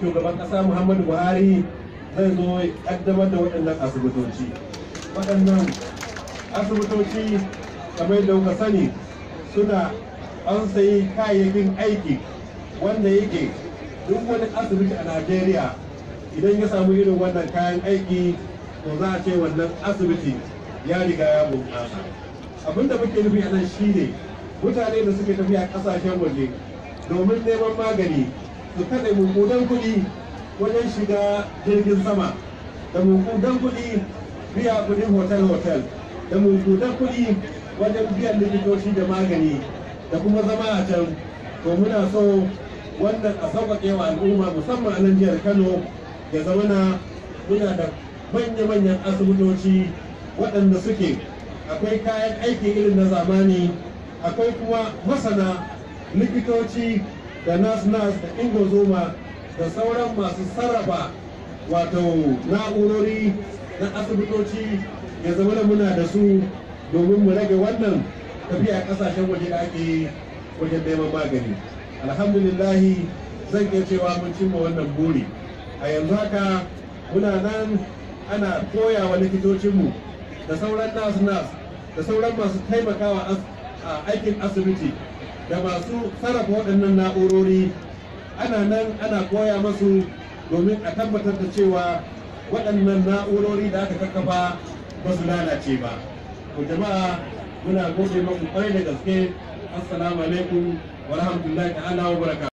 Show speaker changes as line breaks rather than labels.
shugaban ƙasa muhammadu buhari zai zo ƙaddamar da waɗannan asibitoci waɗannan asibitoci kamar da kuka sani suna an sayi kayayyakin aiki wanda yake duk wani asibiti a najeriya idan ya samu irin wannan kayan aiki to za a ce wannan asibiti ya riga ya bunƙasa abin da muke nufi a nan shine mutane da suke tafiya ƙasashen waje domin neman magani su da mummunan kuɗi wajen shiga jirgin sama da mummunan kuɗi biya kuɗin hotel-hotel da mummunan kuɗi wajen biyan likitoci da magani da kuma zama a can to muna so wannan a sauƙaƙe wa al'umma musamman a nan jihar kano ya zamana muna da manya-manyan asibitoci waɗanda suke akwai kayan aiki irin na zamani akwai kuma masana likitoci da nas nas da ingozoma da sauran masu sarrafa wato na'urori na asibitoci ya zama da muna da su domin mu rage wannan tafiya kasashen waje da ake wajen neman magani alhamdulillahi zan iya cewa mun cimma wannan buri a yanzu haka muna nan ana koya wa likitocinmu da sauran nas nas da sauran masu taimakawa a aikin asibiti da masu sarrafa waɗannan na'urori ana nan ana koya masu domin a tabbatar da cewa waɗannan na'urori da aka kakkafa ba su lalace ba ku jama'a muna gode maku kwarai da gaske assalamu alaikum wa rahmatullahi ta'ala wa baraka